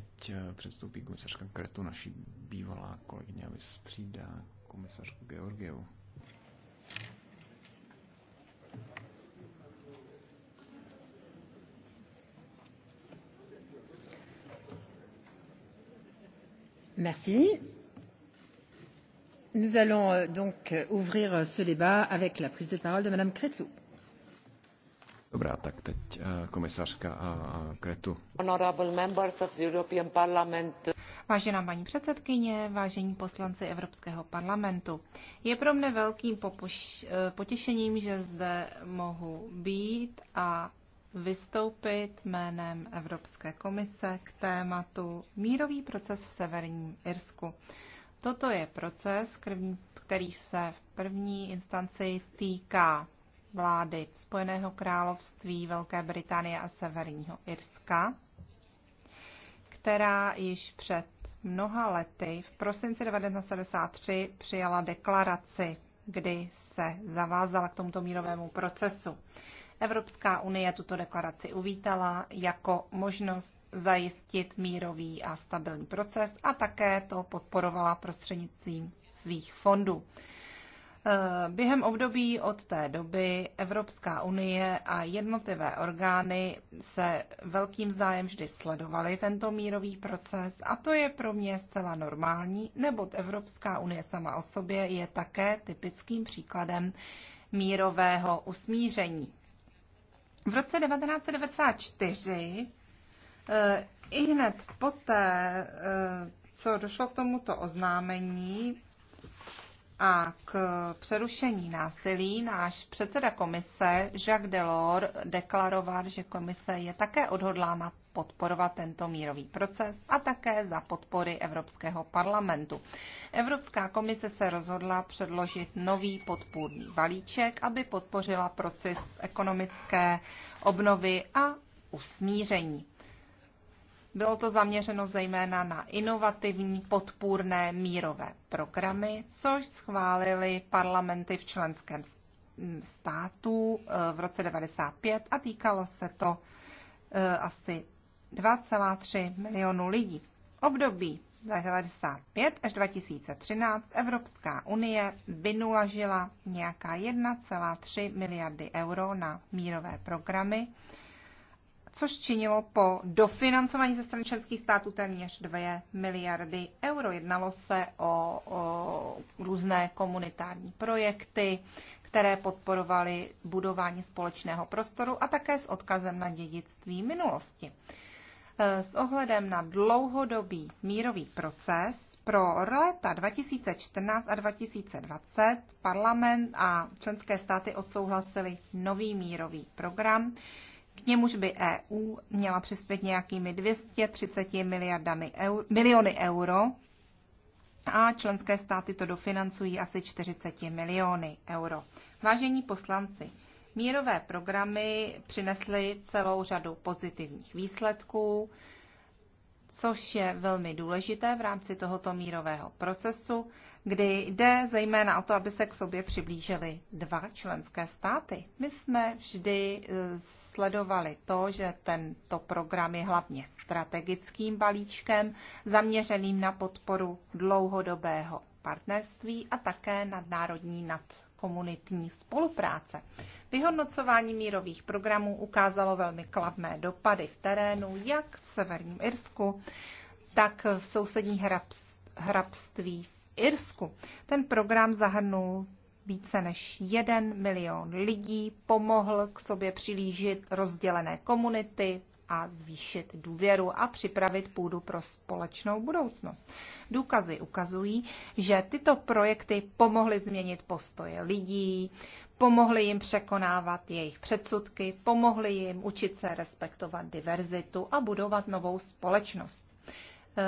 teď eh, předstoupí komisařka Kretu, naší bývalá kolegyně, aby střídá komisařku Georgievu. Merci. Nous allons eh, donc eh, ouvrir ce débat avec la prise de parole de Madame Cretzou. Dobrá, tak teď eh, komisařka a eh, eh, Kretu. Vážená paní předsedkyně, vážení poslanci Evropského parlamentu, je pro mne velkým popuš- potěšením, že zde mohu být a vystoupit jménem Evropské komise k tématu mírový proces v Severním Irsku. Toto je proces, který se v první instanci týká vlády Spojeného království, Velké Británie a Severního Irska, která již před mnoha lety v prosinci 1973 přijala deklaraci, kdy se zavázala k tomuto mírovému procesu. Evropská unie tuto deklaraci uvítala jako možnost zajistit mírový a stabilní proces a také to podporovala prostřednictvím svých fondů. Eh, během období od té doby Evropská unie a jednotlivé orgány se velkým zájem vždy sledovaly tento mírový proces a to je pro mě zcela normální, neboť Evropská unie sama o sobě je také typickým příkladem mírového usmíření. V roce 1994 i hned poté, eh, co došlo k tomuto oznámení, a k přerušení násilí náš předseda komise Jacques Delors deklaroval, že komise je také odhodlána podporovat tento mírový proces a také za podpory Evropského parlamentu. Evropská komise se rozhodla předložit nový podpůrný balíček, aby podpořila proces ekonomické obnovy a usmíření. Bylo to zaměřeno zejména na inovativní podpůrné mírové programy, což schválili parlamenty v členském státu eh, v roce 95 a týkalo se to eh, asi 2,3 milionu lidí. Období 1995 až 2013 Evropská unie vynulažila nějaká 1,3 miliardy euro na mírové programy, což činilo po dofinancování ze strany členských států téměř 2 miliardy euro. Jednalo se o, o různé komunitární projekty, které podporovaly budování společného prostoru a také s odkazem na dědictví minulosti. E, s ohledem na dlouhodobý mírový proces pro léta 2014 a 2020 parlament a členské státy odsouhlasili nový mírový program, k němuž by EU měla přispět nějakými 230 miliardami eur, miliony euro a členské státy to dofinancují asi 40 miliony euro. Vážení poslanci, mírové programy přinesly celou řadu pozitivních výsledků což je velmi důležité v rámci tohoto mírového procesu, kdy jde zejména o to, aby se k sobě přiblížily dva členské státy. My jsme vždy e, sledovali to, že tento program je hlavně strategickým balíčkem zaměřeným na podporu dlouhodobého partnerství a také nadnárodní nad komunitní spolupráce. Vyhodnocování mírových programů ukázalo velmi kladné dopady v terénu, jak v severním Irsku, tak v sousední hrabství v Irsku. Ten program zahrnul více než jeden milion lidí, pomohl k sobě přilížit rozdělené komunity, a zvýšit důvěru a připravit půdu pro společnou budoucnost. Důkazy ukazují, že tyto projekty pomohly změnit postoje lidí, pomohly jim překonávat jejich předsudky, pomohly jim učit se respektovat diverzitu a budovat novou společnost. Eh,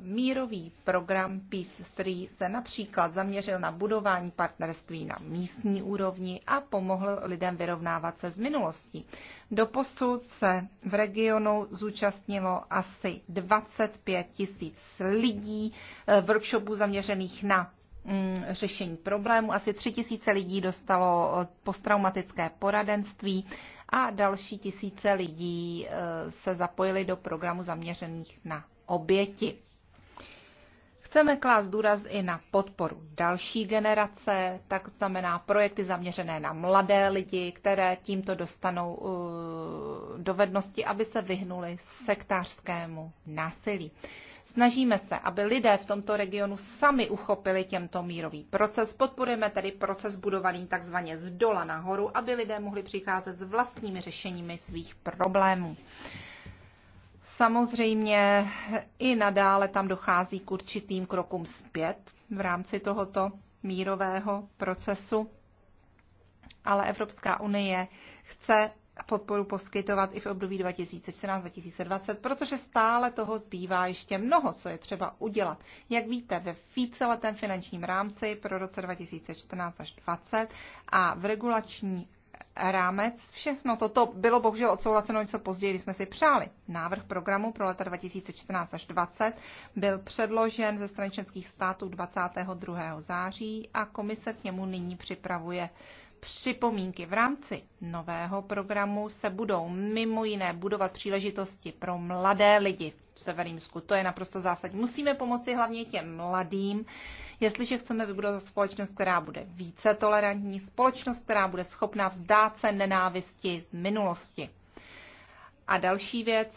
mírový program Peace 3 se například zaměřil na budování partnerství na místní úrovni a pomohl lidem vyrovnávat se s minulostí. Doposud se v regionu zúčastnilo asi 25 tisíc lidí eh, workshopů zaměřených na mm, řešení problému. Asi 3 tisíce lidí dostalo eh, posttraumatické poradenství a další tisíce lidí se zapojili do programu zaměřených na oběti. Chceme klást důraz i na podporu další generace, tak znamená projekty zaměřené na mladé lidi, které tímto dostanou uh, dovednosti, aby se vyhnuli sektářskému násilí. Snažíme se, aby lidé v tomto regionu sami uchopili těmto mírový proces. Podporujeme tedy proces budovaný takzvaně z dola nahoru, aby lidé mohli přicházet s vlastními řešeními svých problémů. Samozřejmě i nadále tam dochází k určitým krokům zpět v rámci tohoto mírového procesu, ale Evropská unie chce podporu poskytovat i v období 2014-2020, protože stále toho zbývá ještě mnoho, co je třeba udělat. Jak víte, ve víceletém finančním rámci pro roce 2014 až 2020 a v regulační rámec. Všechno toto bylo bohužel odsouhlaseno něco později, když jsme si přáli. Návrh programu pro leta 2014 až 2020 byl předložen ze strany členských států 22. září a komise k němu nyní připravuje připomínky. V rámci nového programu se budou mimo jiné budovat příležitosti pro mladé lidi v Severýmsku. To je naprosto zásadní. Musíme pomoci hlavně těm mladým, jestliže chceme vybudovat společnost, která bude více tolerantní, společnost, která bude schopná vzdát se nenávisti z minulosti. A další věc,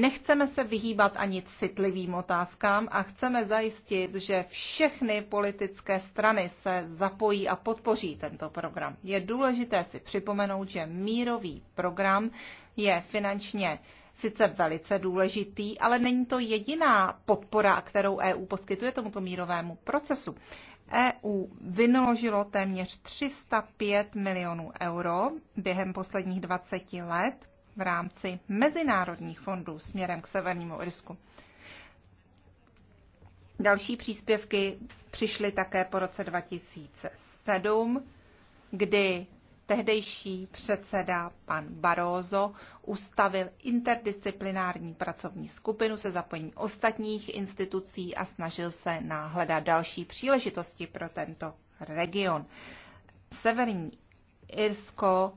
Nechceme se vyhýbat ani citlivým otázkám a chceme zajistit, že všechny politické strany se zapojí a podpoří tento program. Je důležité si připomenout, že mírový program je finančně sice velice důležitý, ale není to jediná podpora, kterou EU poskytuje tomuto mírovému procesu. EU vynaložilo téměř 305 milionů euro během posledních 20 let v rámci mezinárodních fondů směrem k Severnímu Irsku. Další příspěvky přišly také po roce 2007, kdy tehdejší předseda pan Barózo ustavil interdisciplinární pracovní skupinu se zapojením ostatních institucí a snažil se náhledat další příležitosti pro tento region. Severní Irsko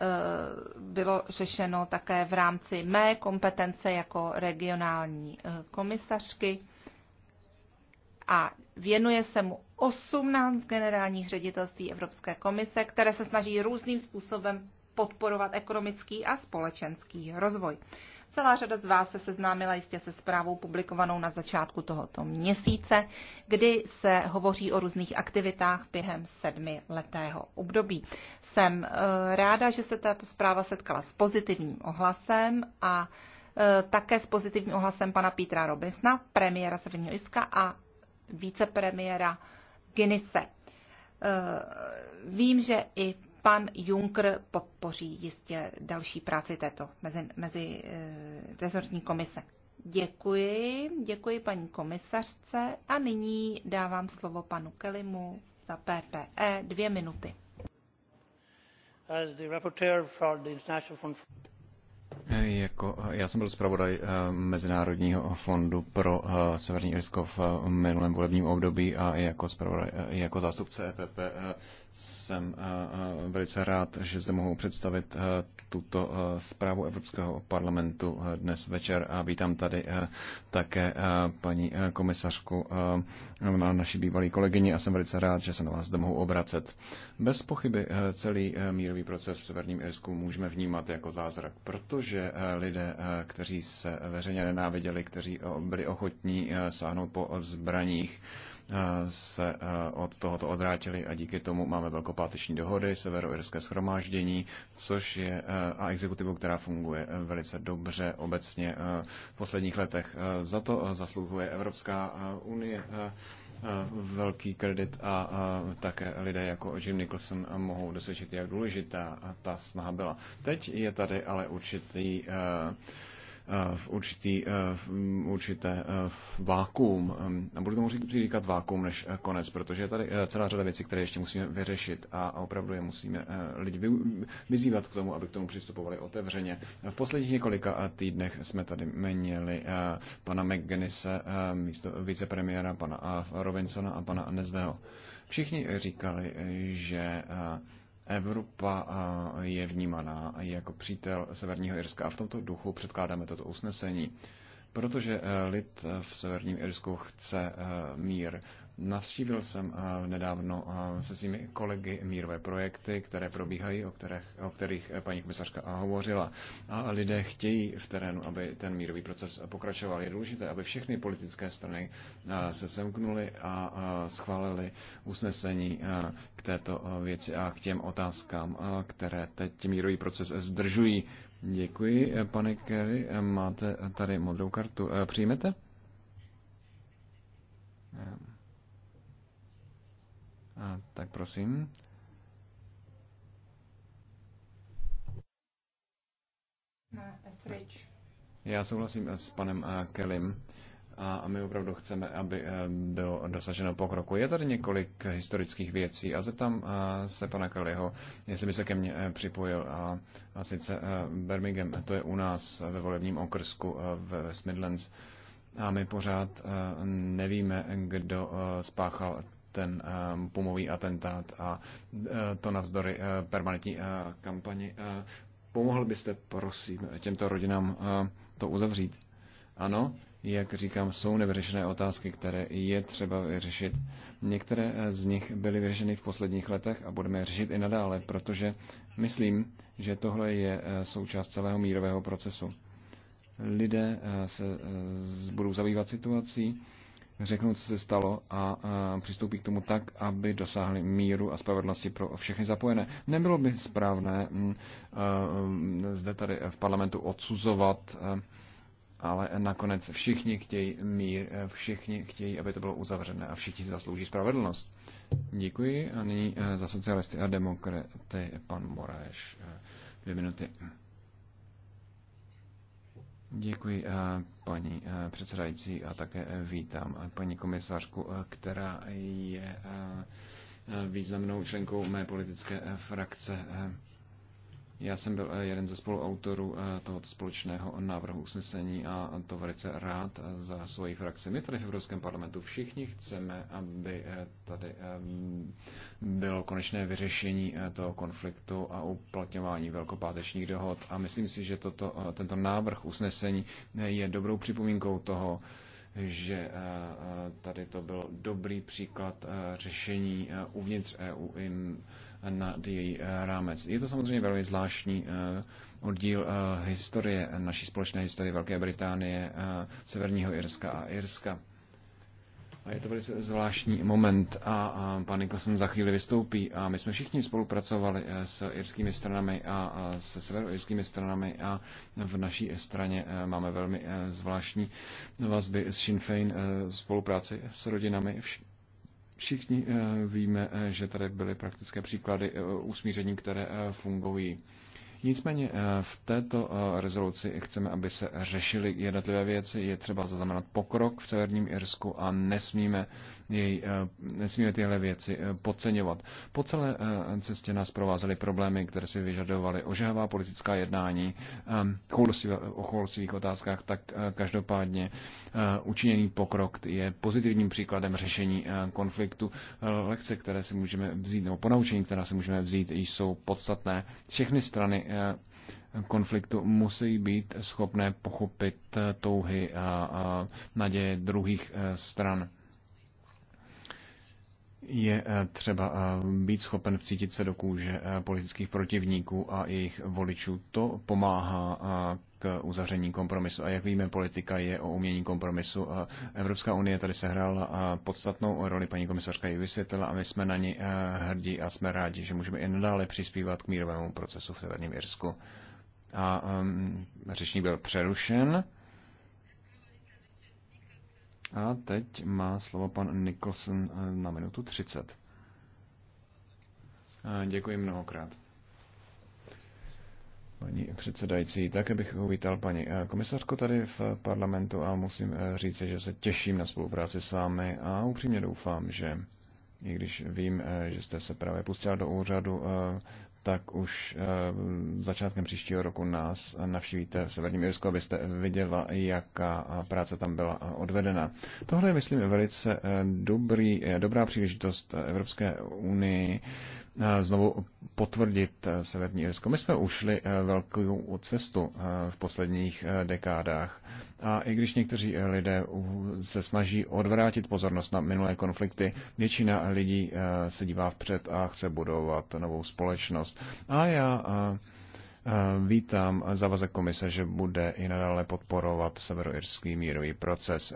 Eh, bylo řešeno také v rámci mé kompetence jako regionální eh, komisařky a věnuje se mu 18 generálních ředitelství Evropské komise, které se snaží různým způsobem podporovat ekonomický a společenský rozvoj. Celá řada z vás se seznámila jistě se zprávou publikovanou na začátku tohoto měsíce, kdy se hovoří o různých aktivitách během sedmiletého období. Jsem eh, ráda, že se tato zpráva setkala s pozitivním ohlasem a eh, také s pozitivním ohlasem pana Petra Robinsona, premiéra Severního Iska a vicepremiéra Guinnesse. Eh, vím, že i Pan Juncker podpoří jistě další práci této mezi, mezi eh, rezortní komise. Děkuji, děkuji paní komisařce a nyní dávám slovo panu Kelimu za PPE dvě minuty. Jako, já jsem byl zpravodaj eh, Mezinárodního fondu pro eh, Severní Irsko v minulém volebním období a jako, jako zástupce EPP jsem eh, eh, velice rád, že zde mohu představit eh, tuto zprávu Evropského parlamentu dnes večer a vítám tady také paní komisařku na naší bývalý kolegyni a jsem velice rád, že se na vás zde mohu obracet. Bez pochyby celý mírový proces v Severním Irsku můžeme vnímat jako zázrak, protože lidé, kteří se veřejně nenáviděli, kteří byli ochotní sáhnout po zbraních, Eh, se eh, od tohoto odrátili a díky tomu máme velkopáteční dohody, severoirské schromáždění, což je eh, a exekutivu, která funguje velice dobře obecně v posledních letech. Za to zasluhuje Evropská unie velký kredit a také lidé jako Jim Nicholson mohou dosvědčit, jak důležitá ta snaha byla. Teď je tady ale určitý Eh, v určitý, eh, v mm, určité eh, vákuum. Ehm, a budu tomu říkat vákuum než konec, protože je tady celá řada věcí, které ještě musíme vyřešit a opravdu je musíme lidi vyzývat k tomu, aby k tomu přistupovali otevřeně. V posledních několika týdnech jsme tady měnili pana McGinnise, místo vicepremiéra, pana Robinsona a pana Nezveho. Všichni říkali, že Evropa je vnímaná jako přítel Severního Irska a v tomto duchu předkládáme toto usnesení. Protože eh, lid eh, v Severním Irsku chce eh, mír, Navštívil jsem eh, nedávno eh, se svými kolegy mírové projekty, které probíhají, o kterých, o kterých eh, paní komisařka hovořila. A lidé chtějí v terénu, aby ten mírový proces pokračoval. Je důležité, aby všechny politické strany se semknuly a schválili usnesení k této věci a k těm otázkám, které teď mírový proces zdržují. Děkuji, pane Kerry. Máte tady modrou kartu. Přijmete? Yeah. A, tak prosím. Já souhlasím s panem eh, Kelim a my opravdu chceme, aby eh, bylo dosaženo pokroku. Je tady několik historických věcí a zeptám eh, se pana Kellyho, jestli by se ke mně připojil. A, a sice Birmingham, to je u nás ve volebním okrsku v West Midlands a my pořád nevíme, kdo spáchal ten eh, pumový atentát a eh, to navzdory eh, permanentní kampani. Pomohl byste, prosím, těmto rodinám to uzavřít? Ano, jak říkám, jsou nevyřešené otázky, které je třeba vyřešit. Některé z nich byly vyřešeny v posledních letech a budeme je řešit i nadále, protože myslím, že tohle je součást celého mírového procesu. Lidé se budou zabývat situací, řeknou, co se stalo a, a přistoupí k tomu tak, aby dosáhli míru a spravedlnosti pro všechny zapojené. Nebylo by správné m, mm, m, mm, zde tady v parlamentu odsuzovat, m, ale nakonec všichni chtějí mír, všichni chtějí, aby to bylo uzavřené a všichni zaslouží spravedlnost. Děkuji a nyní e, za socialisty a demokraty pan Moraes. E, dvě minuty. Děkuji eh, paní eh, předsedající a také eh, vítám paní komisařku, která je významnou členkou mé politické frakce. Já jsem byl eh, jeden ze spoluautorů eh, tohoto společného návrhu usnesení a to velice rád eh, za svoji frakci. My tady v Evropském parlamentu všichni chceme, aby tady ehm, bylo konečné vyřešení toho konfliktu a uplatňování velkopátečních dohod. A myslím si, že toto, tento návrh usnesení je dobrou připomínkou toho, že tady to byl dobrý příklad řešení uvnitř EU na její eh, rámec. Je to samozřejmě velmi zvláštní eh, oddíl eh, historie, naší společné historie Velké Británie, Severního Irska a Irska. A je to velice zvláštní moment a, a pan Nicholson za chvíli vystoupí a my jsme všichni spolupracovali s irskými stranami a, a se severoirskými stranami a v naší straně máme velmi zvláštní vazby s Sinn Féin, spolupráci s rodinami, všichni. Všichni eh, víme, eh, že tady byly praktické příklady eh, usmíření, které fungují. Nicméně v této rezoluci chceme, aby se řešily jednotlivé věci. Je třeba zaznamenat pokrok v Severním Irsku a nesmíme jej, eh, nesmíme tyhle věci eh, podceňovat. Po celé eh, cestě nás provázely problémy, které si vyžadovaly ožehavá politická jednání o choulostivých otázkách, tak každopádně učiněný pokrok je pozitivním příkladem řešení konfliktu. Lekce, které si můžeme vzít, nebo ponaučení, která si můžeme vzít, jsou podstatné. Všechny strany konfliktu musí být schopné pochopit touhy a, a naděje druhých stran je eh, třeba eh, být schopen vcítit se do kůže eh, politických protivníků a jejich voličů. To pomáhá k uzavření kompromisu. A jak víme, politika je o umění kompromisu. Evropská unie tady sehrála podstatnou roli, paní komisařka ji vysvětlila a my jsme na ní hrdí a jsme rádi, že můžeme i nadále přispívat k mírovému procesu v Severním Irsku. A um, řečník byl přerušen. A teď má slovo pan Nicholson eh, na minutu 30. Eh, děkuji mnohokrát. Paní předsedající, také bych uvítal paní eh, komisařku tady v parlamentu a musím říct, že se těším na spolupráci s vámi a upřímně doufám, že i když vím, že jste se právě pustila do úřadu, tak už eh, začátkem příštího roku nás navštívíte Severní Severním abyste viděla, jaká eh, práce tam byla eh, odvedena. Tohle je, myslím, velice dobrý, dobrá příležitost Evropské unii Eh, znovu potvrdit eh, Severní Irsko. My jsme ušli eh, velkou cestu v posledních dekádách a i když někteří lidé se snaží odvrátit pozornost na minulé konflikty, většina lidí se dívá vpřed a chce budovat novou společnost. A já Vítám zavazek komise, že bude i nadále podporovat severoirský mírový proces.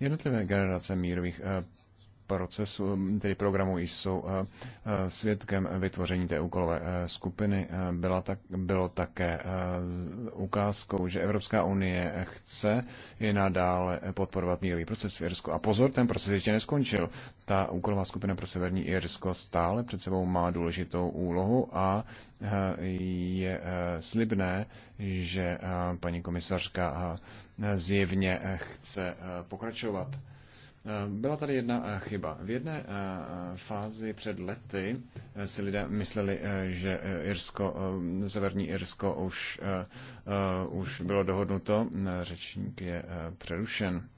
Jednotlivé generace mírových procesu, um, tedy programu jsou uh, uh, svědkem vytvoření té úkolové uh, skupiny. Byla tak, bylo také ukázkou, že Evropská unie chce i nadále podporovat mírový proces v Irsku. A pozor, ten proces ještě neskončil. Ta úkolová skupina pro severní Irsko stále před sebou má důležitou úlohu a je slibné, že paní komisařka zjevně chce pokračovat Eh, byla tady jedna eh, chyba. V jedné eh, fázi před lety si lidé mysleli, že Irsko, severní Irsko už, už bylo dohodnuto. Řečník je přerušen.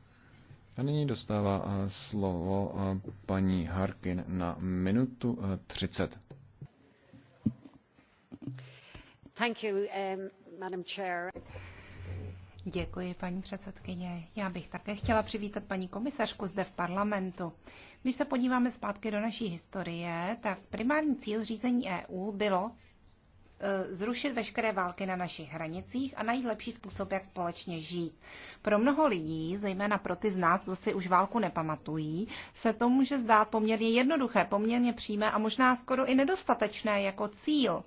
A nyní dostává slovo paní Harkin na minutu 30. Thank you, um, Madam Chair. Děkuji, paní předsedkyně. Já bych také chtěla přivítat paní komisařku zde v parlamentu. Když se podíváme zpátky do naší historie, tak primární cíl řízení EU bylo e, zrušit veškeré války na našich hranicích a najít lepší způsob, jak společně žít. Pro mnoho lidí, zejména pro ty z nás, kdo si už válku nepamatují, se to může zdát poměrně jednoduché, poměrně přímé a možná skoro i nedostatečné jako cíl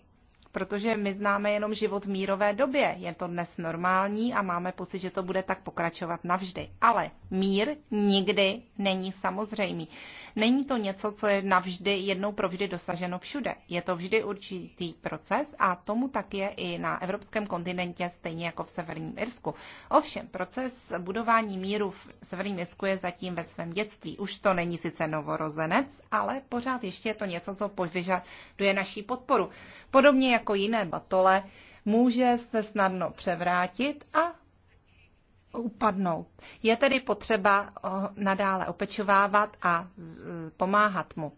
protože my známe jenom život v mírové době. Je to dnes normální a máme pocit, že to bude tak pokračovat navždy. Ale mír nikdy není samozřejmý. Není to něco, co je navždy jednou provždy dosaženo všude. Je to vždy určitý proces a tomu tak je i na evropském kontinentě, stejně jako v Severním Irsku. Ovšem, proces budování míru v Severním Irsku je zatím ve svém dětství. Už to není sice novorozenec, ale pořád ještě je to něco, co požaduje naší podporu. Podobně jak jako jiné batole může se snadno převrátit a upadnout. Je tedy potřeba nadále opečovávat a pomáhat mu.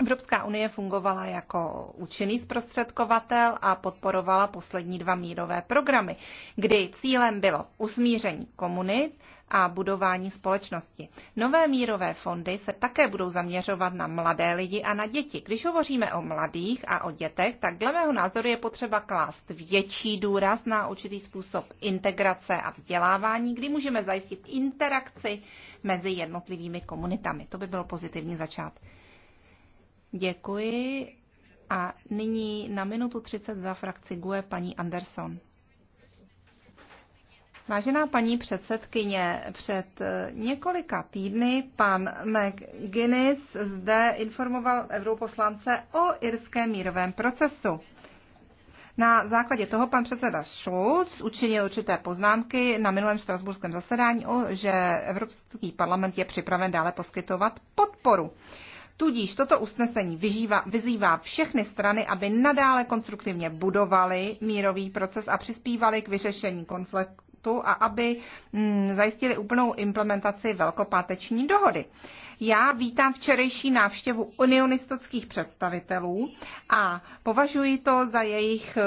Evropská unie fungovala jako účinný zprostředkovatel a podporovala poslední dva mírové programy, kdy cílem bylo usmíření komunit a budování společnosti. Nové mírové fondy se také budou zaměřovat na mladé lidi a na děti. Když hovoříme o mladých a o dětech, tak dle mého názoru je potřeba klást větší důraz na určitý způsob integrace a vzdělávání, kdy můžeme zajistit interakci mezi jednotlivými komunitami. To by byl pozitivní začátek. Děkuji. A nyní na minutu 30 za frakci GUE paní Anderson. Vážená paní předsedkyně, před eh, několika týdny pan McGuinness zde informoval europoslance o irském mírovém procesu. Na základě toho pan předseda Schulz učinil určité poznámky na minulém strasburském zasedání, že Evropský parlament je připraven dále poskytovat podporu. Tudíž toto usnesení vyžívá, vyzývá všechny strany, aby nadále konstruktivně budovali mírový proces a přispívali k vyřešení konfliktu a aby mm, zajistili úplnou implementaci velkopáteční dohody. Já vítám včerejší návštěvu unionistických představitelů a považuji to za jejich eh,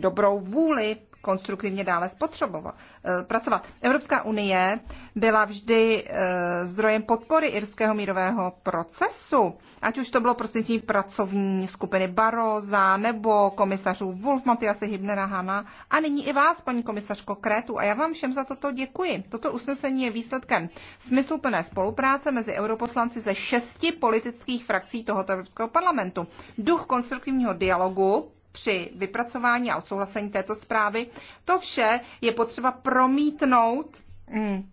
dobrou vůli konstruktivně dále spotřebovat, eh, pracovat. Evropská unie byla vždy eh, zdrojem podpory irského mírového procesu, ať už to bylo prostřednictvím pracovní skupiny Baroza nebo komisařů Wolf, Matiase Hibnera Hana a nyní i vás, paní komisařko Krétu. A já vám všem za toto děkuji. Toto usnesení je výsledkem smysluplné spolupráce mezi europoslanci ze šesti politických frakcí tohoto Evropského parlamentu. Duch konstruktivního dialogu při vypracování a odsouhlasení této zprávy. To vše je potřeba promítnout mm,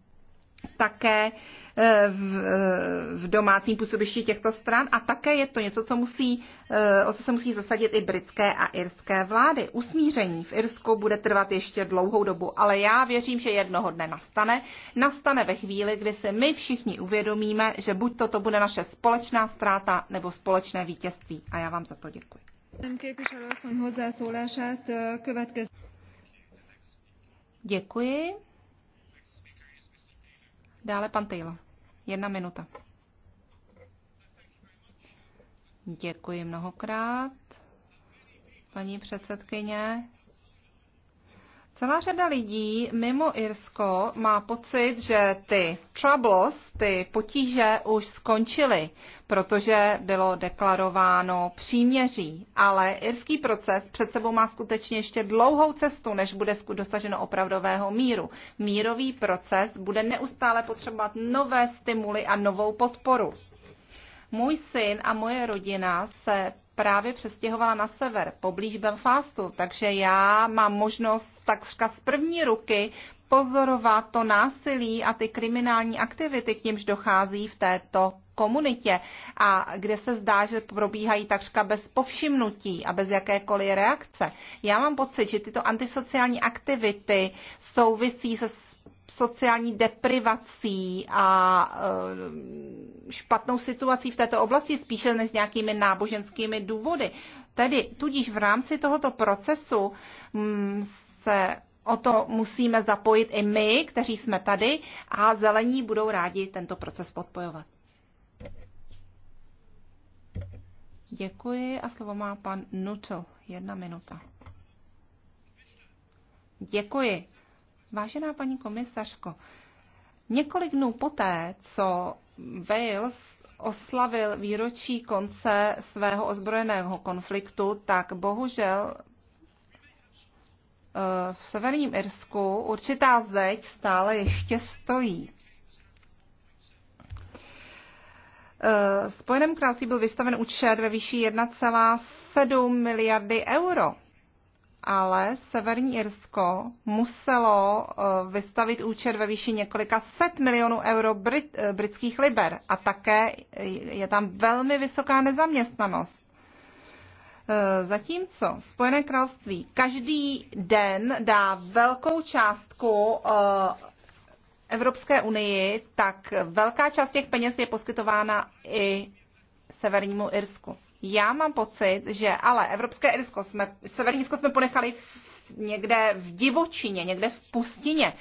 také e, v, e, v domácím působišti těchto stran a také je to něco, co musí, e, o co se musí zasadit i britské a irské vlády. Usmíření v Irsku bude trvat ještě dlouhou dobu, ale já věřím, že jednoho dne nastane. Nastane ve chvíli, kdy se my všichni uvědomíme, že buď toto bude naše společná ztráta nebo společné vítězství. A já vám za to děkuji. Děkuji. Dále pan Taylor. Jedna minuta. Děkuji mnohokrát. Paní předsedkyně, Celá řada lidí mimo Irsko má pocit, že ty troubles, ty potíže už skončily, protože bylo deklarováno příměří. Ale irský proces před sebou má skutečně ještě dlouhou cestu, než bude dosaženo opravdového míru. Mírový proces bude neustále potřebovat nové stimuly a novou podporu. Můj syn a moje rodina se právě přestěhovala na sever, poblíž Belfastu, takže já mám možnost takřka z první ruky pozorovat to násilí a ty kriminální aktivity, k němž dochází v této komunitě a kde se zdá, že probíhají takřka bez povšimnutí a bez jakékoliv reakce. Já mám pocit, že tyto antisociální aktivity souvisí se sociální deprivací a eh, špatnou situací v této oblasti, spíše než nějakými náboženskými důvody. Tedy tudíž v rámci tohoto procesu mm, se o to musíme zapojit i my, kteří jsme tady a zelení budou rádi tento proces podpojovat. Děkuji a slovo má pan Nutl. Jedna minuta. Děkuji. Vážená paní komisařko, několik dnů poté, co Wales oslavil výročí konce svého ozbrojeného konfliktu, tak bohužel eh, v severním Irsku určitá zeď stále ještě stojí. Eh, Spojeném království byl vystaven účet ve výši 1,7 miliardy euro ale Severní Irsko muselo eh, vystavit účet ve výši několika set milionů euro brit, eh, britských liber a také je tam velmi vysoká nezaměstnanost. Eh, zatímco Spojené království každý den dá velkou částku Evropské unii, tak velká část těch peněz je poskytována i Severnímu Irsku. Já mám pocit, že ale Evropské Irsko jsme, Severní Irsko jsme ponechali někde v divočině, někde v pustině,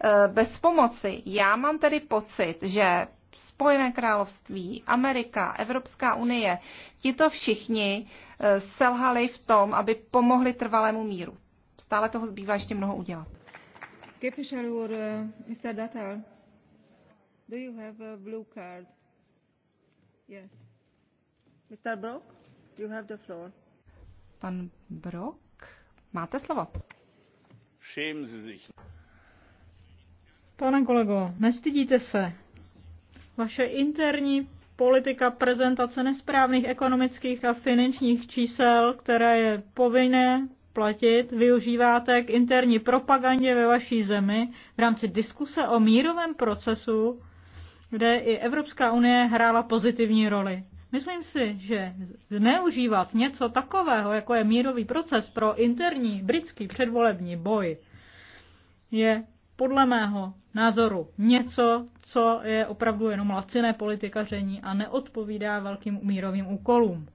eh, bez pomoci. Já mám tedy pocit, že Spojené království, Amerika, Evropská unie, tito všichni eh, selhali v tom, aby pomohli trvalému míru. Stále toho zbývá ještě mnoho udělat. Eh, do you have a blue card? Yes. Mr. Brock, you have the floor. Pan Brock, máte slovo. Schämen Sie sich. Pane kolego, nestydíte se. Vaše interní politika prezentace nesprávných ekonomických a finančních čísel, které je povinné platit, využíváte k interní propagandě ve vaší zemi v rámci diskuse o mírovém procesu, kde i Evropská unie hrála pozitivní roli. Myslím si, že zneužívat něco takového, jako je mírový proces pro interní britský předvolební boj, je podle mého názoru něco, co je opravdu jenom laciné politikaření a neodpovídá velkým mírovým úkolům.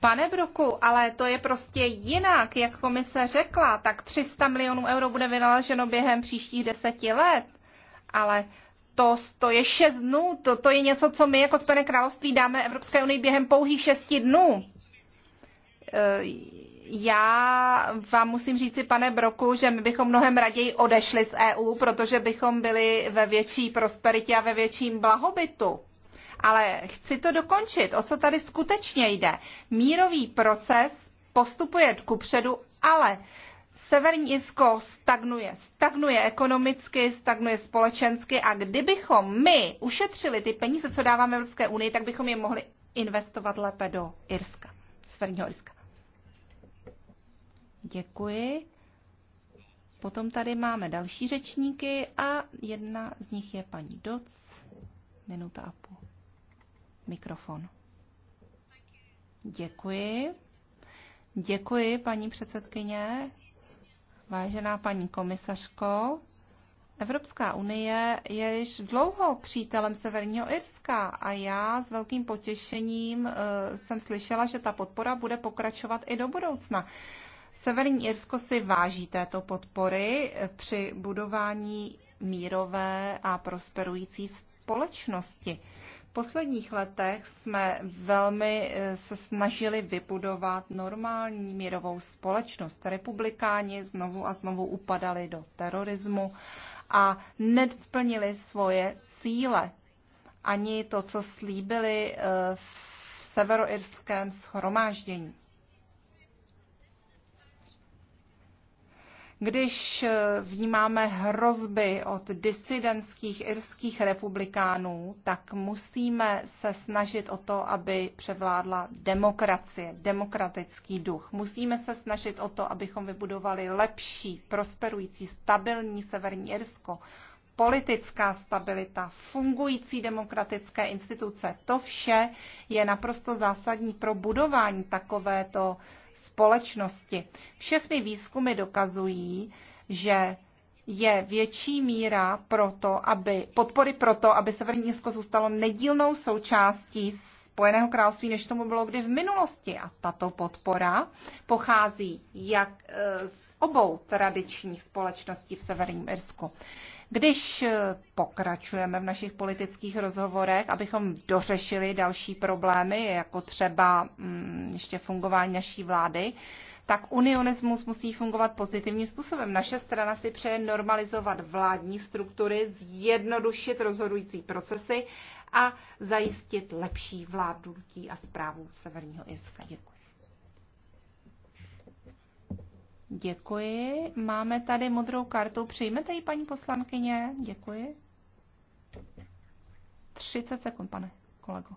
Pane Broku, ale to je prostě jinak, jak komise řekla, tak 300 milionů euro bude vynaloženo během příštích deseti let ale to, to je šest dnů, to, to je něco, co my jako Spojené království dáme Evropské unii během pouhých šesti dnů. Eh, já vám musím říci, pane Broku, že my bychom mnohem raději odešli z EU, protože bychom byli ve větší prosperitě a ve větším blahobytu. Ale chci to dokončit. O co tady skutečně jde? Mírový proces postupuje kupředu, ale Severní Irsko stagnuje. Stagnuje ekonomicky, stagnuje společensky a kdybychom my ušetřili ty peníze, co dáváme Evropské unii, tak bychom je mohli investovat lépe do Irska, Severního Irska. Děkuji. Potom tady máme další řečníky a jedna z nich je paní Doc. Minuta a půl. Mikrofon. Děkuji. Děkuji, paní předsedkyně. Vážená paní komisařko, Evropská unie je již dlouho přítelem Severního Irska a já s velkým potěšením eh, jsem slyšela, že ta podpora bude pokračovat i do budoucna. Severní Irsko si váží této podpory eh, při budování mírové a prosperující společnosti posledních letech jsme velmi eh, se snažili vybudovat normální mírovou společnost. Republikáni znovu a znovu upadali do terorismu a nesplnili svoje cíle. Ani to, co slíbili eh, v severoirském schromáždění. Když eh, vnímáme hrozby od disidentských irských republikánů, tak musíme se snažit o to, aby převládla demokracie, demokratický duch. Musíme se snažit o to, abychom vybudovali lepší, prosperující, stabilní Severní Irsko, politická stabilita, fungující demokratické instituce. To vše je naprosto zásadní pro budování takovéto společnosti. Všechny výzkumy dokazují, že je větší míra proto, aby, podpory to, aby Severní Irsko zůstalo nedílnou součástí Spojeného království, než tomu bylo kdy v minulosti. A tato podpora pochází jak eh, z obou tradičních společností v Severním Irsku. Když eh, pokračujeme v našich politických rozhovorech, abychom dořešili další problémy, jako třeba mm, ještě fungování naší vlády, tak unionismus musí fungovat pozitivním způsobem. Naše strana si přeje normalizovat vládní struktury, zjednodušit rozhodující procesy a zajistit lepší vládnutí a zprávu Severního Irska. Děkuji. Děkuji. Máme tady modrou kartu. Přijmete ji, paní poslankyně? Děkuji. 30 sekund, pane kolego.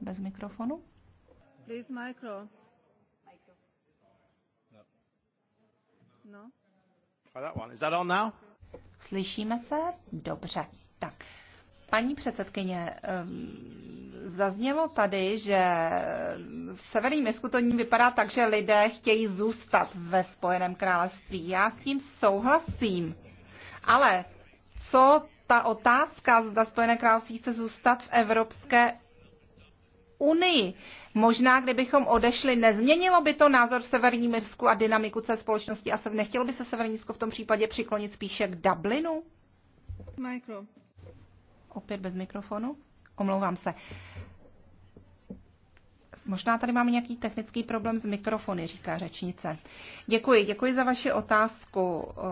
Bez mikrofonu. Please micro. No. Slyšíme se? Dobře. Tak. Paní předsedkyně, zaznělo tady, že v severním Jesku to vypadá tak, že lidé chtějí zůstat ve Spojeném království. Já s tím souhlasím. Ale co ta otázka, zda Spojené království chce zůstat v Evropské unii. Možná, kdybychom odešli, nezměnilo by to názor v Severním Irsku a dynamiku té společnosti a se, nechtělo by se Severní Irsko v tom případě přiklonit spíše k Dublinu? Michael. Opět bez mikrofonu. Omlouvám se. Možná tady máme nějaký technický problém s mikrofony, říká řečnice. Děkuji, děkuji za vaši otázku. Eh,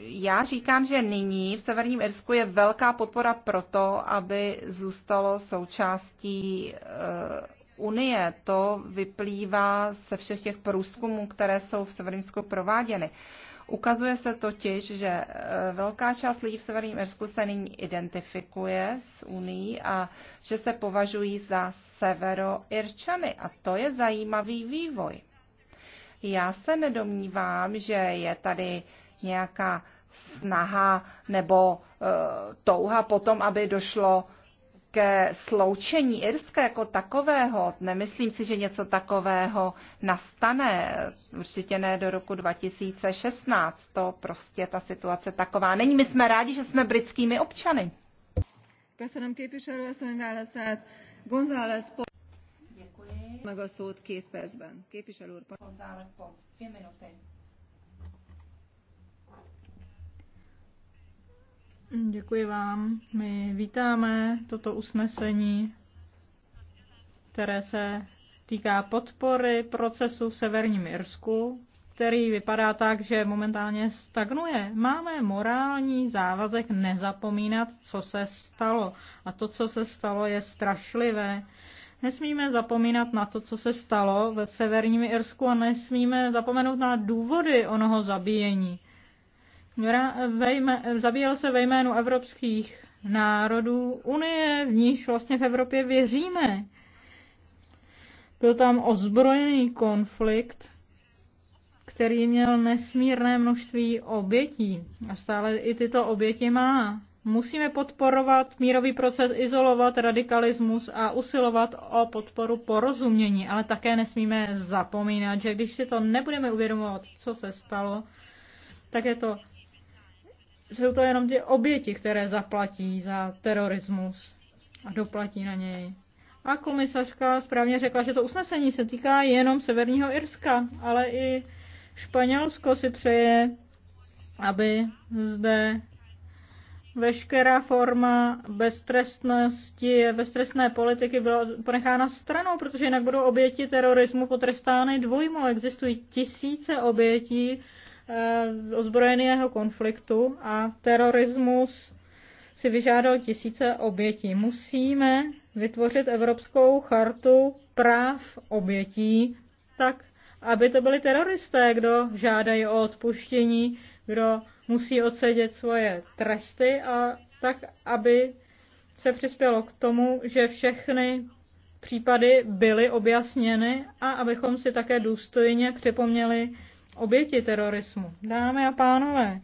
já říkám, že nyní v Severním Irsku je velká podpora pro to, aby zůstalo součástí eh, Unie. To vyplývá se všech těch průzkumů, které jsou v Severním Irsku prováděny. Ukazuje se totiž, že e, velká část lidí v Severním Irsku se nyní identifikuje s Unii a že se považují za severoirčany. A to je zajímavý vývoj. Já se nedomnívám, že je tady nějaká snaha nebo e, touha potom, aby došlo ke sloučení Irska jako takového, nemyslím si, že něco takového nastane, určitě ne do roku 2016, to prostě ta situace taková není. My jsme rádi, že jsme britskými občany. Děkuji. Děkuji vám. My vítáme toto usnesení, které se týká podpory procesu v Severním Irsku, který vypadá tak, že momentálně stagnuje. Máme morální závazek nezapomínat, co se stalo. A to, co se stalo, je strašlivé. Nesmíme zapomínat na to, co se stalo ve Severním Irsku a nesmíme zapomenout na důvody onoho zabíjení. Jménu, zabíjel se ve jménu evropských národů Unie, v níž vlastně v Evropě věříme. Byl tam ozbrojený konflikt, který měl nesmírné množství obětí a stále i tyto oběti má. Musíme podporovat mírový proces, izolovat radikalismus a usilovat o podporu porozumění, ale také nesmíme zapomínat, že když si to nebudeme uvědomovat, co se stalo, tak je to jsou to jenom ty oběti, které zaplatí za terorismus a doplatí na něj. A komisařka správně řekla, že to usnesení se týká jenom Severního Irska, ale i Španělsko si přeje, aby zde veškerá forma beztrestnosti, beztrestné politiky byla ponechána stranou, protože jinak budou oběti terorismu potrestány dvojmo. Existují tisíce obětí Eh, ozbrojeného konfliktu a terorismus si vyžádal tisíce obětí. Musíme vytvořit Evropskou chartu práv obětí tak, aby to byli teroristé, kdo žádají o odpuštění, kdo musí odsedět svoje tresty a tak, aby se přispělo k tomu, že všechny případy byly objasněny a abychom si také důstojně připomněli oběti terorismu. Dámy a pánové,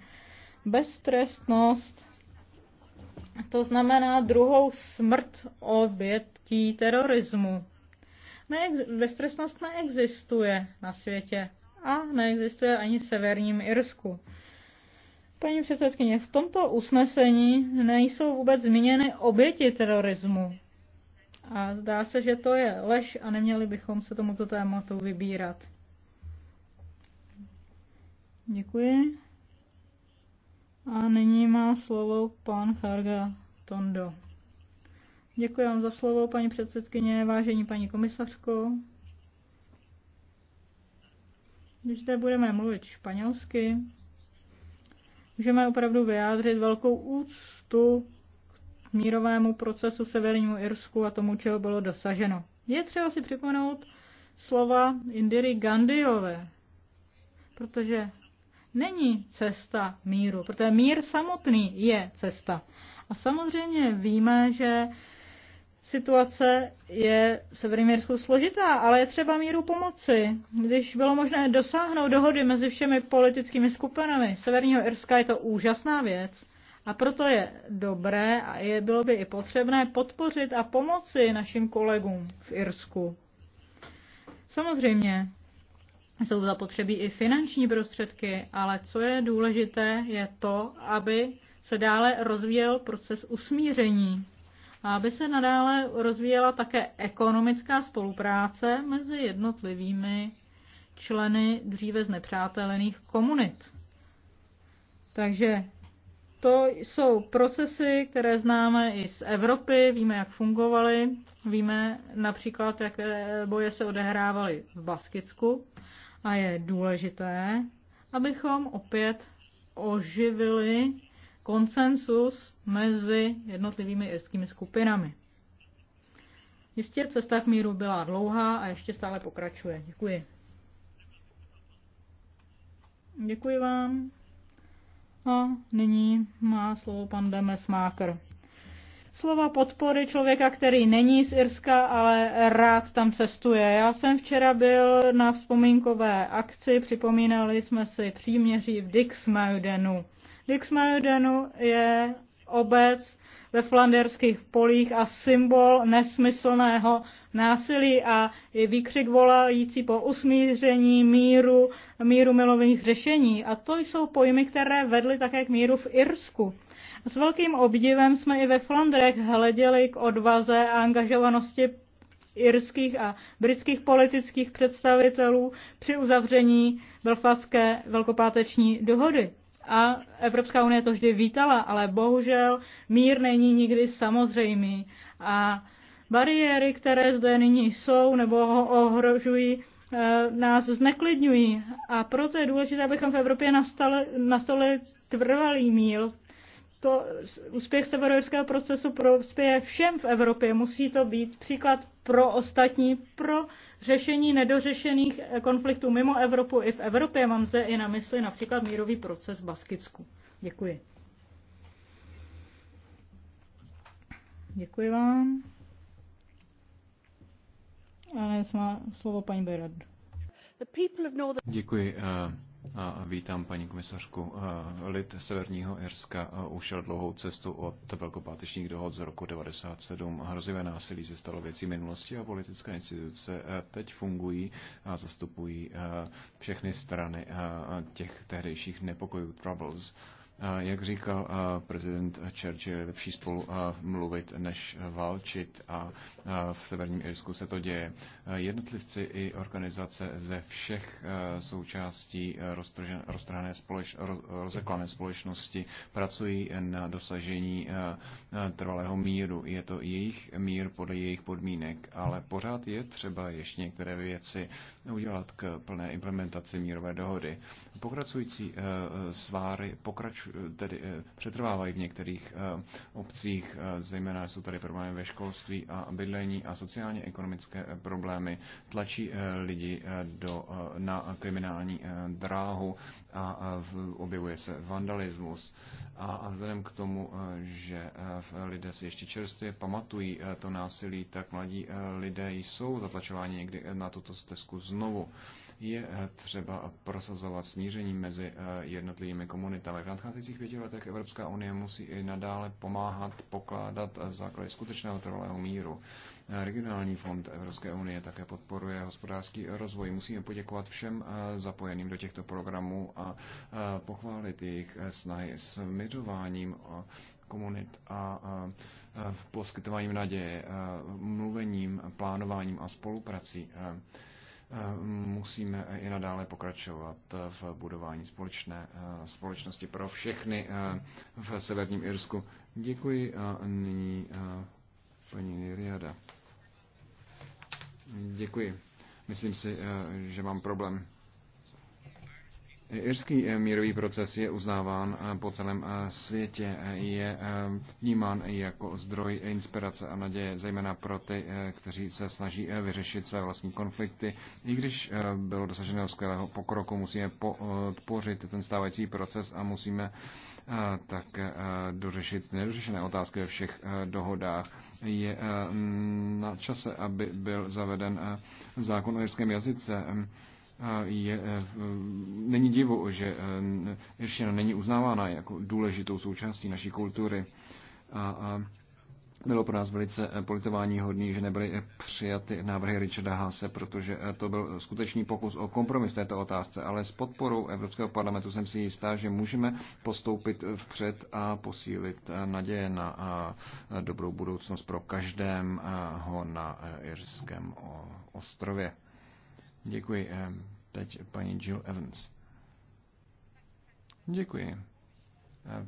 beztrestnost, to znamená druhou smrt obětí terorismu. Ne, beztrestnost neexistuje na světě a neexistuje ani v severním Irsku. Paní předsedkyně, v tomto usnesení nejsou vůbec zmíněny oběti terorismu. A zdá se, že to je lež a neměli bychom se tomuto tématu vybírat. Děkuji. A nyní má slovo pan Charga Tondo. Děkuji vám za slovo, paní předsedkyně, vážení paní komisařko. Když zde budeme mluvit španělsky, můžeme opravdu vyjádřit velkou úctu k mírovému procesu Severnímu Irsku a tomu, čeho bylo dosaženo. Je třeba si připomenout slova Indiry Gandhiové, protože není cesta míru, protože mír samotný je cesta. A samozřejmě víme, že situace je v Severním Jirsku složitá, ale je třeba míru pomoci. Když bylo možné dosáhnout dohody mezi všemi politickými skupinami Severního Irska, je to úžasná věc. A proto je dobré a je, bylo by i potřebné podpořit a pomoci našim kolegům v Irsku. Samozřejmě, jsou zapotřebí i finanční prostředky, ale co je důležité, je to, aby se dále rozvíjel proces usmíření a aby se nadále rozvíjela také ekonomická spolupráce mezi jednotlivými členy dříve znepřátelených komunit. Takže to jsou procesy, které známe i z Evropy, víme, jak fungovaly, víme například, jaké boje se odehrávaly v Baskicku a je důležité, abychom opět oživili konsensus mezi jednotlivými irskými skupinami. Jistě cesta k míru byla dlouhá a ještě stále pokračuje. Děkuji. Děkuji vám. A nyní má slovo pan Demes Máker slova podpory člověka, který není z Irska, ale rád tam cestuje. Já jsem včera byl na vzpomínkové akci, připomínali jsme si příměří v Dixmeudenu. Dixmeudenu je obec ve flanderských polích a symbol nesmyslného násilí a je výkřik volající po usmíření, míru, míru milových řešení. A to jsou pojmy, které vedly také k míru v Irsku. S velkým obdivem jsme i ve Flandrech hleděli k odvaze a angažovanosti irských a britských politických představitelů při uzavření belfastské velkopáteční dohody. A Evropská unie to vždy vítala, ale bohužel mír není nikdy samozřejmý. A bariéry, které zde nyní jsou nebo ho ohrožují, eh, nás zneklidňují. A proto je důležité, abychom v Evropě nastali, nastali trvalý mír, to úspěch severojirského procesu prospěje všem v Evropě. Musí to být příklad pro ostatní, pro řešení nedořešených konfliktů mimo Evropu i v Evropě. Mám zde i na mysli například mírový proces v Baskicku. Děkuji. Děkuji vám. A dnes má slovo paní Berard. Děkuji. Uh... A vítám paní komisařku. Eh, lid Severního Irska eh, ušel dlouhou cestu od velkopátečních dohod z roku 1997. Hrozivé násilí se stalo věcí minulosti a politické instituce eh, teď fungují a zastupují všechny strany těch tehdejších nepokojů Troubles. Jak říkal prezident Churchill, je lepší spolu mluvit, než válčit a v Severním Irsku se to děje. Jednotlivci i organizace ze všech součástí roztrhané společ, rozeklané společnosti pracují na dosažení trvalého míru. Je to jejich mír podle jejich podmínek, ale pořád je třeba ještě některé věci udělat k plné implementaci mírové dohody. Pokračující eh, sváry pokrač, tedy, eh, přetrvávají v některých eh, obcích, zejména jsou tady problémy ve školství a bydlení a sociálně-ekonomické problémy tlačí lidi do, na kriminální dráhu a objevuje se vandalismus. A vzhledem k tomu, e, že e, lidé si ještě čerstvě pamatují e, to násilí, tak mladí lidé jsou zatlačováni někdy na tuto stezku znovu je eh, třeba prosazovat smíření mezi eh, jednotlivými komunitami. V nadcházejících pěti letech Evropská unie musí i nadále pomáhat pokládat eh, základy skutečného trvalého míru. Regionální fond Evropské unie také podporuje hospodářský rozvoj. Musíme poděkovat všem zapojeným do těchto programů a pochválit jejich snahy s mydováním komunit a, a, a poskytováním naděje, a, mluvením, plánováním a spoluprací. A, Eh, musíme i nadále pokračovat v budování společné eh, společnosti pro všechny eh, v Severním Irsku. Děkuji a nyní paní Riada. Děkuji. Myslím si, že mám problém. Irský eh, mírový proces je uznáván eh, po celém eh, světě, je vnímán jako zdroj inspirace a naděje, zejména pro ty, kteří se snaží vyřešit své vlastní konflikty. I když bylo dosaženo skvělého pokroku, musíme podpořit ten stávající proces a musíme tak dořešit nedořešené otázky ve všech dohodách. Je na čase, aby byl zaveden zákon o jirském jazyce je, eh, není divu, že eh, irština není uznávána jako důležitou součástí naší kultury. A, a bylo pro nás velice eh, politování hodný, že nebyly přijaty návrhy Richarda Hase, protože to byl skutečný pokus o kompromis této otázce, ale s podporou Evropského parlamentu jsem si jistá, že můžeme postoupit vpřed a posílit naděje na dobrou budoucnost pro každého na Irském ostrově. Děkuji. Eh, teď paní Jill Evans. Děkuji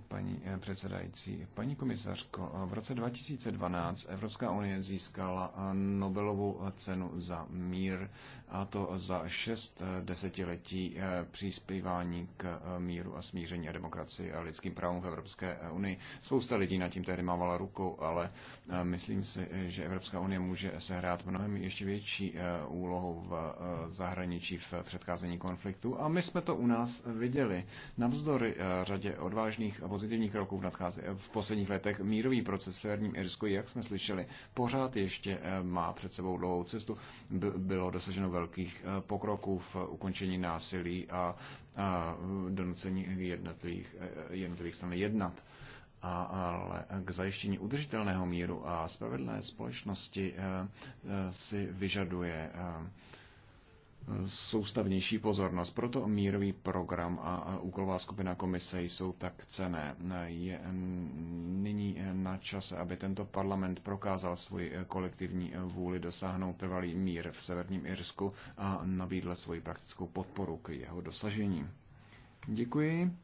paní eh, předsedající. Paní komisařko, eh, v roce 2012 Evropská unie získala eh, Nobelovou cenu za mír a to za šest desetiletí přispívání k míru a smíření a demokracii a lidským právům v Evropské unii. Spousta lidí nad tím tehdy mávala rukou, ale myslím si, že Evropská unie může sehrát mnohem ještě větší úlohu v zahraničí v předcházení konfliktu a my jsme to u nás viděli. Navzdory řadě odvážných pozitivních, pozitivních kroků v, nadcháze, v posledních letech mírový proces v Severním Irsku, jak jsme slyšeli, pořád ještě eh, má před sebou dlouhou cestu. Bylo dosaženo velkých eh, pokroků v ukončení násilí a, a donucení jednotlivých, eh, jednotlivých stran jednat. A, ale k zajištění udržitelného míru a spravedlné společnosti si vyžaduje soustavnější pozornost. Proto mírový program a úkolová skupina komise jsou tak cené. Je nyní na čase, aby tento parlament prokázal svoji kolektivní vůli dosáhnout trvalý mír v severním Irsku a nabídl svoji praktickou podporu k jeho dosažení. Děkuji.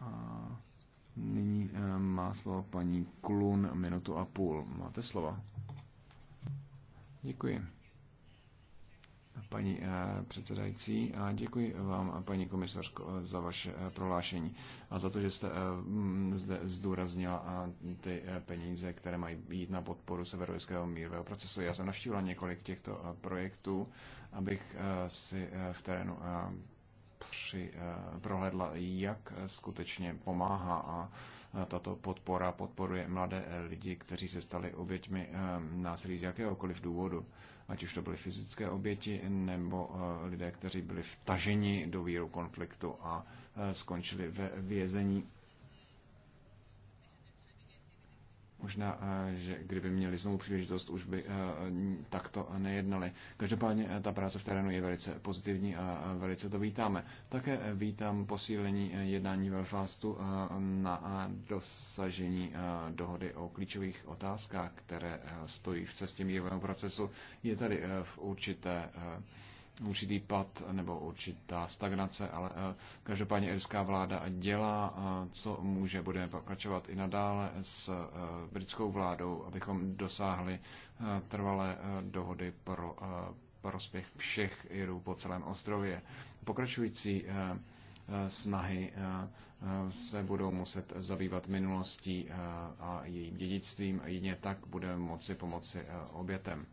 A nyní eh, má slovo paní Klun minutu a půl. Máte slovo. Děkuji paní eh, předsedající, a děkuji vám, paní komisařko, eh, za vaše eh, prohlášení a za to, že jste mm, zde zdůraznila ty peníze, které mají být na podporu severojiského mírového procesu. Já jsem navštívila několik těchto projektů, abych si v terénu při, prohlédla, jak skutečně pomáhá a tato podpora podporuje mladé lidi, kteří se stali oběťmi násilí z jakéhokoliv důvodu ať už to byly fyzické oběti nebo eh, lidé, kteří byli vtaženi do víru konfliktu a eh, skončili ve vězení Možná, eh, že kdyby měli znovu příležitost, už by eh, takto nejednali. Každopádně eh, ta práce v terénu je velice pozitivní a velice to vítáme. Také vítám posílení jednání Belfastu na dosažení dohody o klíčových otázkách, které stojí v cestě mírovému procesu. Je tady v určité určitý pad nebo určitá stagnace, ale eh, každopádně irská vláda dělá, eh, co může. Budeme pokračovat i nadále s eh, britskou vládou, abychom dosáhli trvalé dohody pro prospěch všech Irů po celém ostrově. Pokračující snahy se budou muset zabývat minulostí a jejím dědictvím. Jedině tak budeme moci pomoci obětem.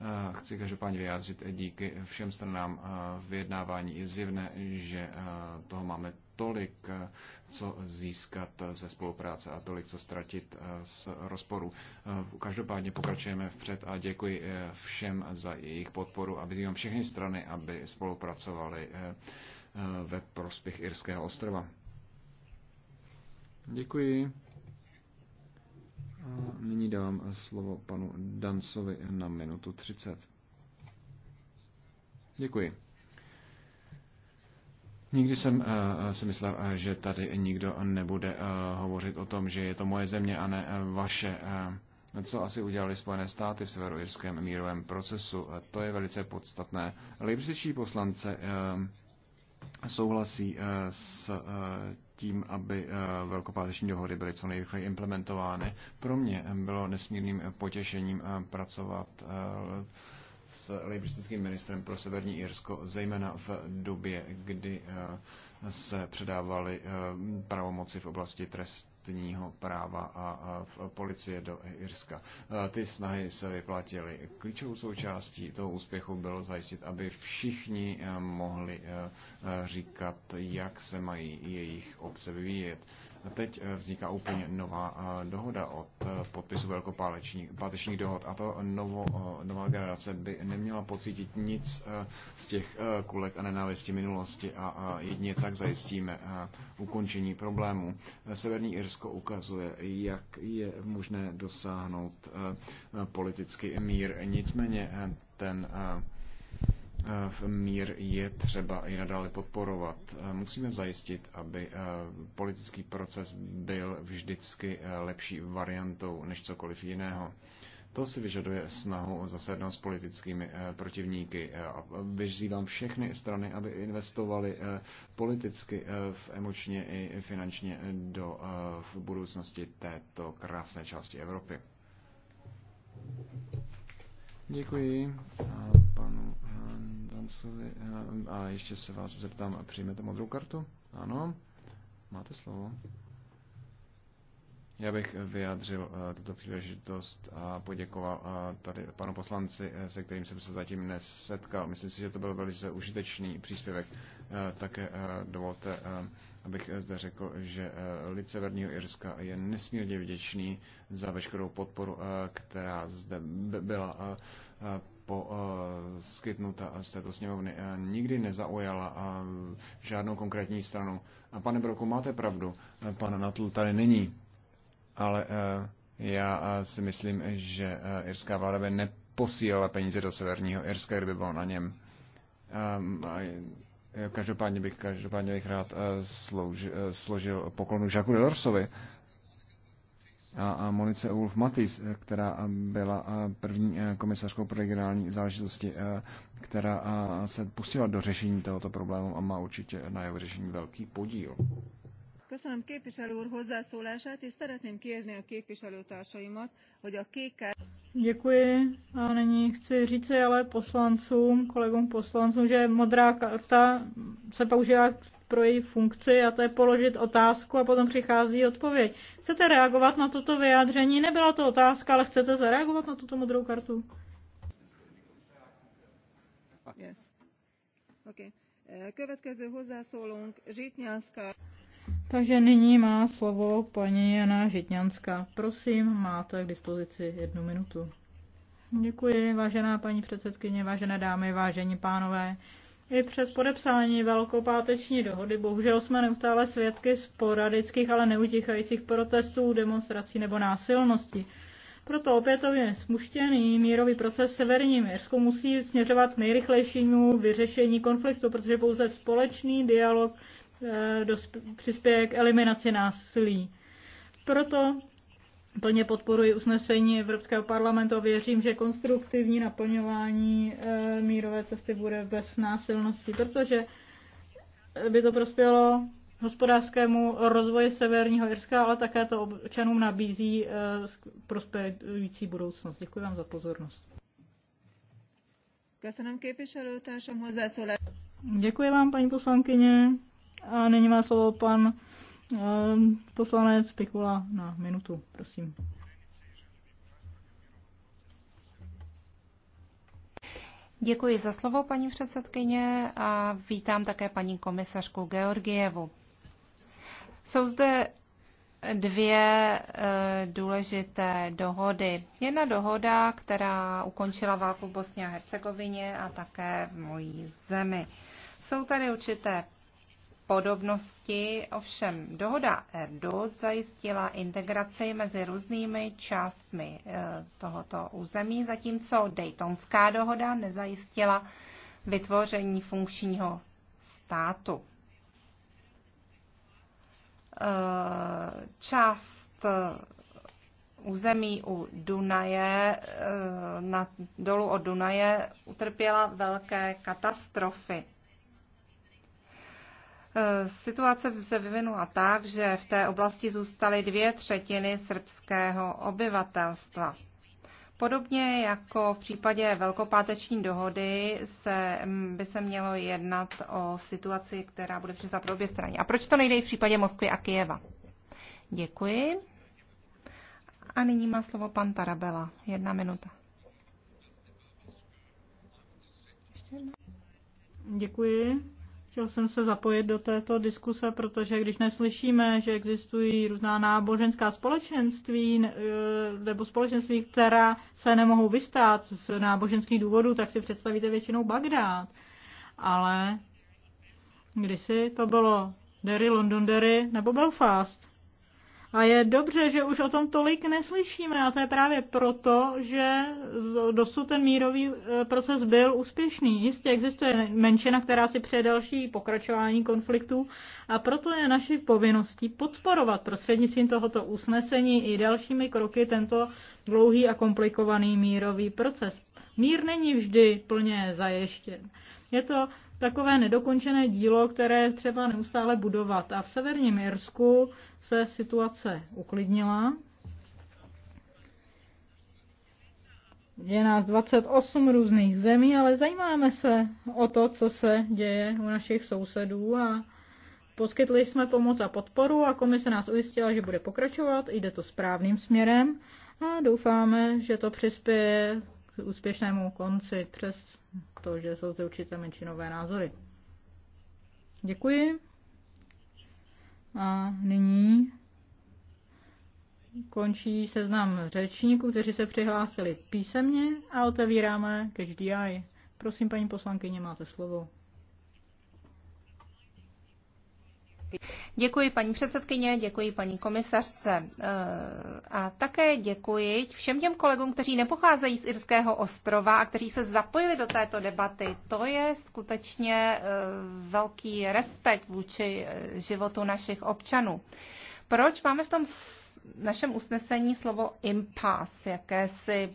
Eh, chci každopádně vyjádřit eh, díky všem stranám eh, vyjednávání. Je zjevné, že toho máme tolik, co získat ze spolupráce a tolik, co ztratit z rozporu. Každopádně pokračujeme vpřed a děkuji všem za jejich podporu a vyzývám všechny strany, aby spolupracovali ve prospěch Irského ostrova. Děkuji. A nyní dávám slovo panu Dancovi na minutu 30. Děkuji. Nikdy jsem uh, si myslel, eh, že tady nikdo nebude uh, hovořit o tom, že je to moje země a ne uh, vaše. Uh, co asi udělali Spojené státy v severoirském mírovém procesu, uh, to je velice podstatné. Lejbřičtí poslance uh, souhlasí uh, s uh, tím, aby eh, velkopáteční dohody byly co nejrychleji implementovány. Pro mě eh, bylo nesmírným potěšením eh, pracovat s lejbristickým ministrem pro Severní Irsko, zejména v době, kdy se předávaly pravomoci v oblasti trest trestního práva a, a v policie do Irska. E, ty snahy se vyplatily. Klíčovou součástí toho úspěchu bylo zajistit, aby všichni e, mohli e, říkat, jak se mají jejich obce vyvíjet teď eh, vzniká úplně nová eh, dohoda od eh, podpisu velkopátečních dohod a to novo, nová generace by neměla pocítit nic z těch kulek a nenávisti minulosti a jedině tak zajistíme ukončení problému. Severní Irsko ukazuje, jak je možné dosáhnout politický mír. Nicméně ten v mír je třeba i nadále podporovat. Musíme zajistit, aby eh, politický proces byl vždycky eh, lepší variantou než cokoliv jiného. To si vyžaduje snahu o zasednout s politickými eh, protivníky. Vyzývám všechny strany, aby investovali politicky, emočně i finančně do v budoucnosti této krásné části Evropy. Děkuji panu Francovi. Eh, a ještě se vás zeptám, přijmete modrou kartu? Ano, máte slovo. Já bych vyjádřil eh, tuto příležitost a poděkoval eh, tady panu poslanci, se kterým jsem se zatím nesetkal. Myslím si, že to byl velice užitečný příspěvek. Také dovolte, abych zde řekl, že lid Severního Irska je nesmírně vděčný za veškerou podporu, která zde byla poskytnuta eh, z této sněmovny eh, nikdy nezaujala eh, žádnou konkrétní stranu. A pane Broku, máte pravdu, pan Natl tady není, ale já si myslím, že irská vláda by neposílala peníze do severního Irska, kdyby bylo na něm. Každopádně bych, každopádně bych rád slouž, složil poklonu Žaku Delorsovi, a, Monice Ulf Matis, eh, která eh, byla eh, první komisařkou pro regionální záležitosti, která se pustila do řešení tohoto problému a má určitě na jeho řešení velký podíl. Köszönöm képviselő úr hozzászólását, és szeretném kérni a képviselőtársaimat, hogy a kékkel... Děkuji. A nyní chci říct, ale poslancům, kolegům poslancům, že modrá karta se používá pro její funkci a to je položit otázku a potom přichází odpověď. Chcete reagovat na toto vyjádření? Nebyla to otázka, ale chcete zareagovat na tuto modrou kartu? Yes. Okay. Takže nyní má slovo paní Jana Žitňanská. Prosím, máte k dispozici jednu minutu. Děkuji, vážená paní předsedkyně, vážené dámy, vážení pánové. I přes podepsání velkopáteční dohody bohužel jsme neustále svědky sporadických, ale neutichajících protestů, demonstrací nebo násilnosti. Proto opětovně smuštěný mírový proces v Severním Jirsku musí směřovat k nejrychlejšímu vyřešení konfliktu, protože pouze společný dialog e, přispěje k eliminaci násilí. Proto Plně podporuji usnesení Evropského parlamentu a věřím, že konstruktivní naplňování eh, mírové cesty bude bez násilnosti, protože by to prospělo hospodářskému rozvoji Severního Irska, ale také to občanům nabízí eh, prosperující budoucnost. Děkuji vám za pozornost. Děkuji vám, paní poslankyně. A nyní má slovo pan Ehm, poslanec Pikula na minutu, prosím. Děkuji za slovo, paní předsedkyně, a vítám také paní komisařku Georgievu. Jsou zde dvě eh, důležité dohody. Jedna dohoda, která ukončila válku v Bosně a Hercegovině a také v mojí zemi. Jsou tady určité podobnosti, ovšem dohoda Erdut zajistila integraci mezi různými částmi eh, tohoto území, zatímco Daytonská dohoda nezajistila vytvoření funkčního státu. Eh, část eh, území u Dunaje, na dolu od Dunaje, utrpěla velké katastrofy. Eh, situace se vyvinula tak, že v té oblasti zůstaly dvě třetiny srbského obyvatelstva. Podobně jako v případě velkopáteční dohody se, mm, by se mělo jednat o situaci, která bude při pro obě straně. A proč to nejde i v případě Moskvy a Kijeva? Děkuji. A nyní má slovo pan Tarabela. Jedna minuta. Ještě jedna. Děkuji. Chtěl jsem se zapojit do této diskuse, protože když neslyšíme, že existují různá náboženská společenství e, nebo společenství, která se nemohou vystát z náboženských důvodů, tak si představíte většinou Bagdád. Ale kdysi to bylo Derry, Londonderry nebo Belfast. A je dobře, že už o tom tolik neslyšíme a to je právě proto, že dosud ten mírový eh, proces byl úspěšný. Jistě existuje menšina, která si přeje další pokračování konfliktů a proto je naší povinností podporovat prostřednictvím tohoto usnesení i dalšími kroky tento dlouhý a komplikovaný mírový proces. Mír není vždy plně zajištěn. Je to takové nedokončené dílo, které je třeba neustále budovat. A v severním Irsku se situace uklidnila. Je nás 28 různých zemí, ale zajímáme se o to, co se děje u našich sousedů a poskytli jsme pomoc a podporu a komise nás ujistila, že bude pokračovat, jde to správným směrem a doufáme, že to přispěje úspěšnému konci přes to, že jsou zde určité menšinové názory. Děkuji. A nyní končí seznam řečníků, kteří se přihlásili písemně a otevíráme každý Prosím, paní poslankyně, máte slovo. Děkuji paní předsedkyně, děkuji paní komisařce eh, a také děkuji všem těm kolegům, kteří nepocházejí z Irského ostrova a kteří se zapojili do této debaty. To je skutečně eh, velký respekt vůči eh, životu našich občanů. Proč máme v tom našem usnesení slovo impasse, jakési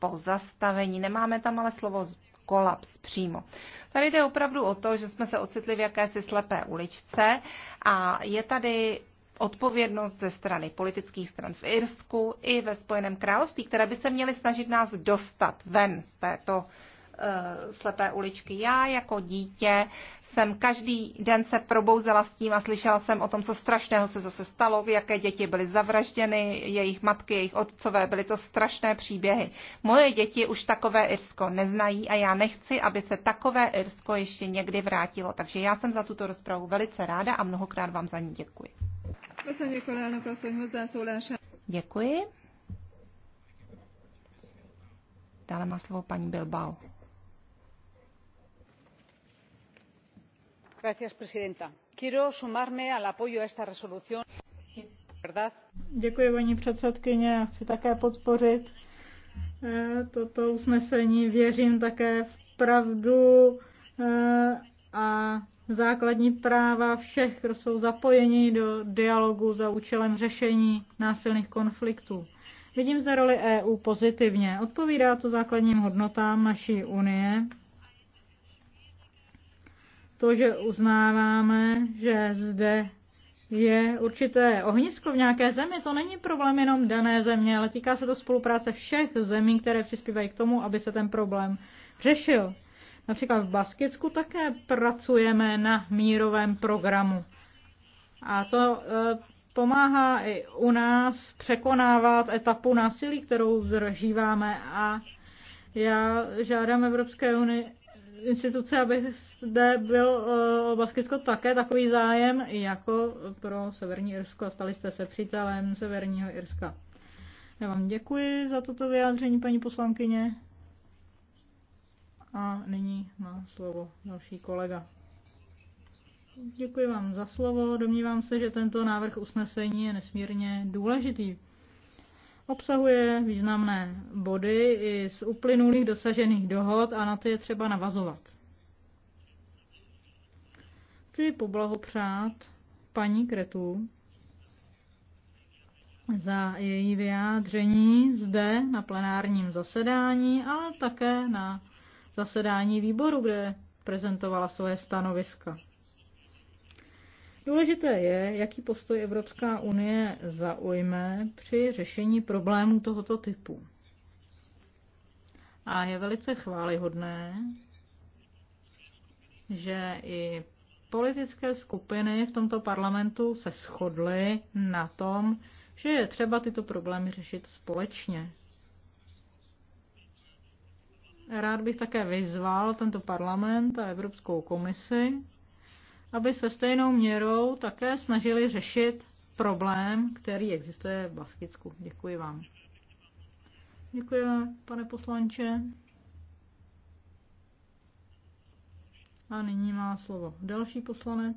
pozastavení? Nemáme tam ale slovo kolaps přímo. Tady jde opravdu o to, že jsme se ocitli v jakési slepé uličce a je tady odpovědnost ze strany politických stran v Irsku i ve Spojeném království, které by se měly snažit nás dostat ven z této Eh, slepé uličky. Já jako dítě jsem každý den se probouzela s tím a slyšela jsem o tom, co strašného se zase stalo, v jaké děti byly zavražděny, jejich matky, jejich otcové, byly to strašné příběhy. Moje děti už takové Irsko neznají a já nechci, aby se takové Irsko ještě někdy vrátilo. Takže já jsem za tuto rozpravu velice ráda a mnohokrát vám za ní děkuji. Děkuji. Dále má slovo paní Bilbao. señora presidenta quiero sumarme al apoyo a esta resolución. Děkuji, paní předsedkyně. Já chci také podpořit eh, toto usnesení. Věřím také v pravdu eh, a základní práva všech, kdo jsou zapojeni do dialogu za účelem řešení násilných konfliktů. Vidím zde roli EU pozitivně. Odpovídá to základním hodnotám naší unie, to, že uznáváme, že zde je určité ohnisko v nějaké zemi, to není problém jenom dané země, ale týká se to spolupráce všech zemí, které přispívají k tomu, aby se ten problém řešil. Například v Baskicku také pracujeme na mírovém programu. A to e, pomáhá i u nás překonávat etapu násilí, kterou zažíváme a já žádám Evropské unii, instituce, aby zde byl eh, o Baskicko také takový zájem jako pro Severní Irsko. Stali jste se přítelem Severního Irska. Já vám děkuji za toto vyjádření, paní poslankyně. A nyní má slovo další kolega. Děkuji vám za slovo. Domnívám se, že tento návrh usnesení je nesmírně důležitý. Obsahuje významné body i z uplynulých dosažených dohod a na to je třeba navazovat. Chci poblahopřát paní Kretu za její vyjádření zde na plenárním zasedání, ale také na zasedání výboru, kde prezentovala svoje stanoviska. Důležité je, jaký postoj Evropská unie zaujme při řešení problémů tohoto typu. A je velice chválihodné, že i politické skupiny v tomto parlamentu se shodly na tom, že je třeba tyto problémy řešit společně. Rád bych také vyzval tento parlament a Evropskou komisi, aby se stejnou měrou také snažili řešit problém, který existuje v Baskicku. Děkuji vám. Děkuji, pane poslanče. A nyní má slovo další poslanec.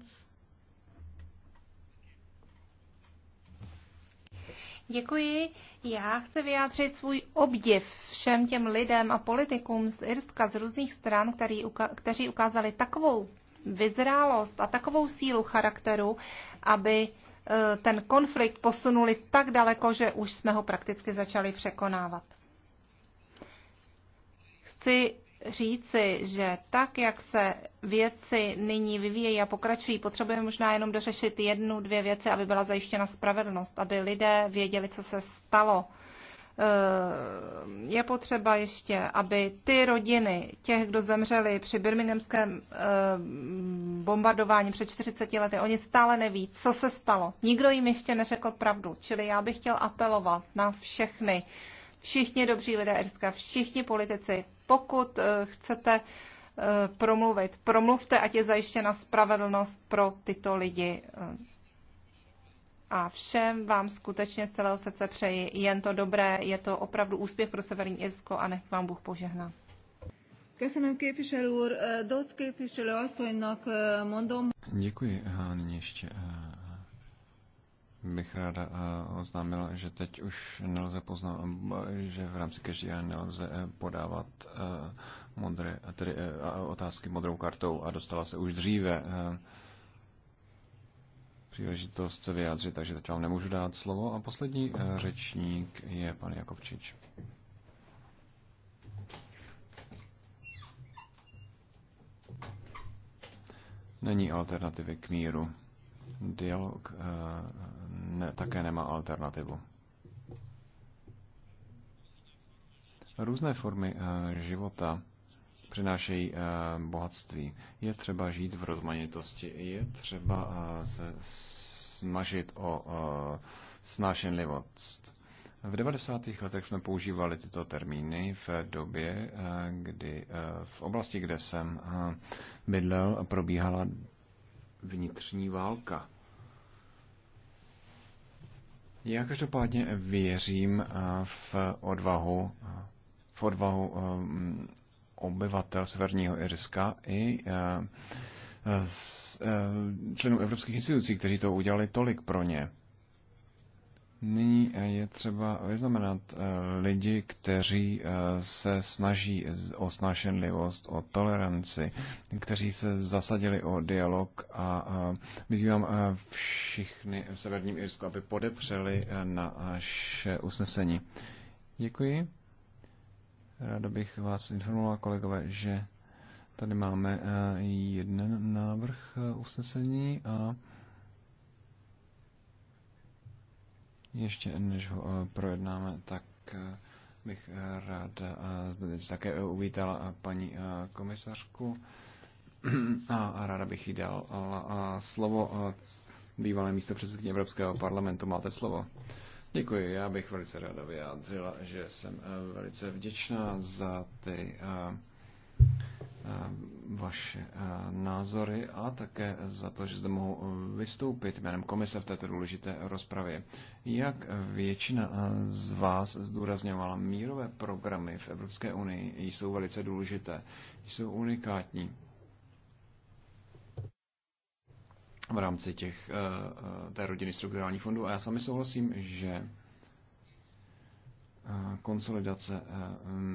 Děkuji. Já chci vyjádřit svůj obdiv všem těm lidem a politikům z Irska z různých stran, který, kteří ukázali takovou vyzrálost a takovou sílu charakteru, aby e, ten konflikt posunuli tak daleko, že už jsme ho prakticky začali překonávat. Chci říci, že tak, jak se věci nyní vyvíjejí a pokračují, potřebujeme možná jenom dořešit jednu, dvě věci, aby byla zajištěna spravedlnost, aby lidé věděli, co se stalo, Eh, je potřeba ještě, aby ty rodiny těch, kdo zemřeli při birminghamském eh, bombardování před 40 lety, oni stále neví, co se stalo. Nikdo jim ještě neřekl pravdu. Čili já bych chtěl apelovat na všechny, všichni dobří lidé Irska, všichni politici, pokud eh, chcete promluvit, promluvte, ať je zajištěna spravedlnost pro tyto lidi a všem vám skutečně z celého srdce přeji jen to dobré, je to opravdu úspěch pro Severní Irsko a nech vám Bůh požehná. Köszönöm képviselő úr, Doc képviselő asszonynak mondom. Děkuji. A nyní ještě bych ráda oznámila, že teď už nelze poznat, že v rámci každého nelze eh, podávat eh, modré, tedy eh, otázky modrou kartou a dostala se už dříve příležitost se vyjádřit, takže teď vám nemůžu dát slovo. A poslední eh, řečník je pan Jakobčič. Není alternativy k míru. Dialog eh, ne, také nemá alternativu. Různé formy eh, života přinášejí eh, bohatství. Je třeba žít v rozmanitosti, je třeba eh, se snažit o eh, snášenlivost. V 90. letech jsme používali tyto termíny v době, kdy v oblasti, kde jsem bydlel, probíhala vnitřní válka. Já každopádně věřím v odvahu, v odvahu obyvatel Severního Irska i eh, eh, členů evropských institucí, kteří to udělali tolik pro ně. Nyní eh, je třeba vyznamenat lidi, kteří se snaží o snášenlivost, o toleranci, kteří se zasadili o dialog a vyzývám všichni v Severním Irsku, aby podepřeli naše usnesení. Děkuji. Ráda bych vás informovala, kolegové, že tady máme eh, jeden návrh eh, usnesení a ještě než ho eh, projednáme, tak bych rád zde také uvítala paní komisařku a ráda bych jí dal slovo bývalé místo předsedkyně Evropského parlamentu. Máte slovo. Děkuji, já bych velice ráda vyjádřila, že jsem eh, velice vděčná za ty eh, eh, vaše názory a také za to, že zde mohu vystoupit jménem komise v této důležité rozpravě. Jak většina z vás zdůrazňovala, mírové programy v Evropské unii jsou velice důležité, jsou unikátní v rámci těch, eh, eh, té rodiny strukturálních fondů. A já sami souhlasím, že eh, konsolidace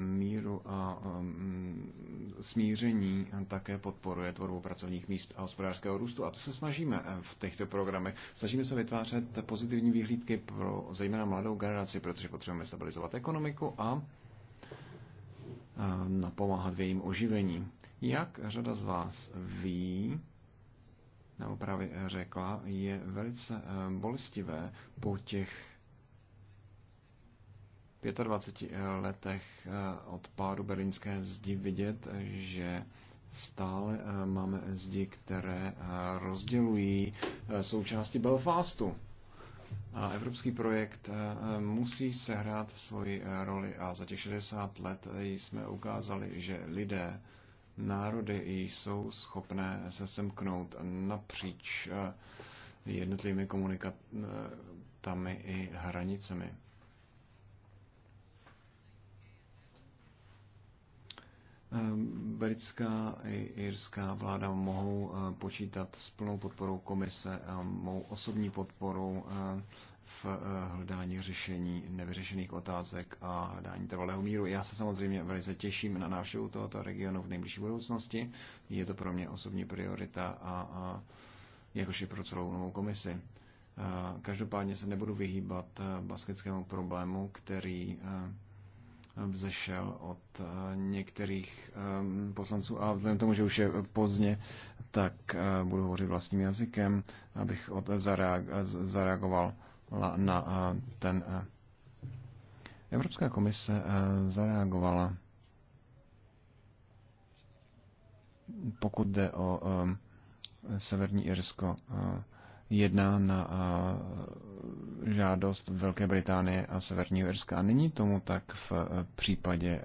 míru a mm, smíření také podporuje tvorbu pracovních míst a hospodářského růstu. A to se snažíme v těchto programech. Snažíme se vytvářet pozitivní výhlídky pro zejména mladou generaci, protože potřebujeme stabilizovat ekonomiku a napomáhat v jejím oživení. Jak řada z vás ví, nebo právě řekla, je velice eh, bolestivé po těch 25 eh, letech eh, od pádu berlínské zdi vidět, že stále máme zdi, které rozdělují součásti Belfastu. A evropský projekt musí sehrát svoji roli a za těch 60 let jsme ukázali, že lidé národy jsou schopné se semknout napříč eh, jednotlivými komunikatami eh, i hranicemi. Eh, britská i irská vláda mohou počítat s plnou podporou komise a mou osobní podporou v eh, hledání řešení nevyřešených otázek a hledání trvalého míru. Já se samozřejmě velice těším na návštěvu tohoto regionu v nejbližší budoucnosti. Je to pro mě osobní priorita a, a jakož i pro celou novou komisi. Eh, každopádně se nebudu vyhýbat eh, basketskému problému, který vzešel od některých poslanců a vzhledem tomu, že už je pozdě, tak budu hovořit vlastním jazykem, abych zareagoval na eh, ten. Eh, Evropská komise eh, zareagovala, pokud jde o Severní Irsko, jedná na žádost Velké Británie a Severního Irska. A není tomu tak v případě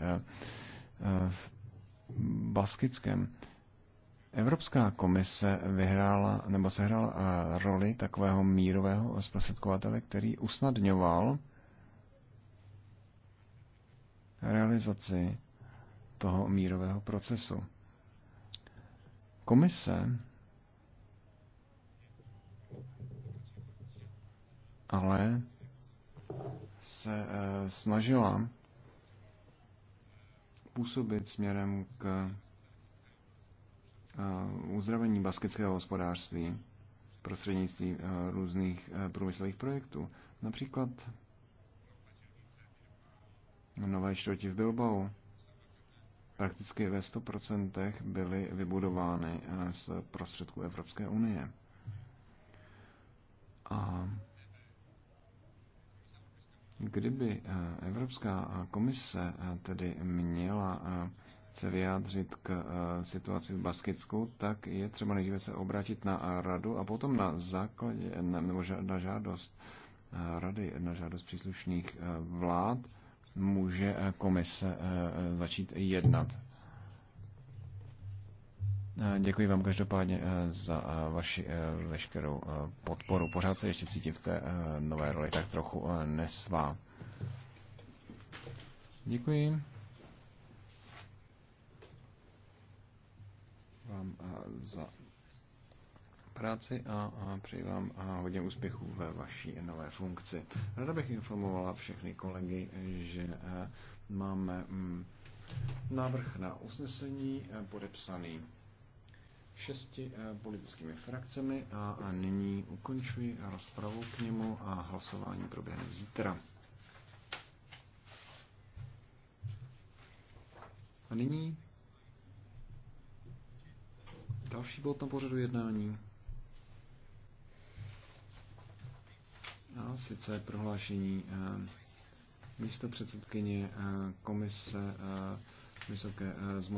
v baskickém. Evropská komise vyhrála nebo sehrála eh, roli takového mírového zprostředkovatele, který usnadňoval realizaci toho mírového procesu. Komise ale se eh, snažila působit směrem k uzdravení baskického hospodářství prostřednictvím různých průmyslových projektů. Například nové čtvrti v Bilbao prakticky ve 100% byly vybudovány z prostředků Evropské unie. A kdyby Evropská komise tedy měla chce vyjádřit k eh, situaci v Baskicku, tak je třeba nejdříve se obrátit na radu a potom na základě, nebo na žádost eh, rady, na žádost příslušných eh, vlád, může komise začít jednat. Děkuji vám každopádně za vaši veškerou podporu. Pořád se ještě cítím v té nové roli tak trochu nesvá. Děkuji. vám eh, za práci a přeji vám eh, hodně úspěchů ve vaší nové funkci. Rada bych informovala všechny kolegy, že eh, máme mm, návrh na usnesení podepsaný šesti politickými frakcemi a nyní ukončuji rozpravu k němu a hlasování proběhne zítra. A nyní Další bod na pořadu jednání. A sice prohlášení eh, místo předsedkyně eh, komise eh, vysoké zmocnění.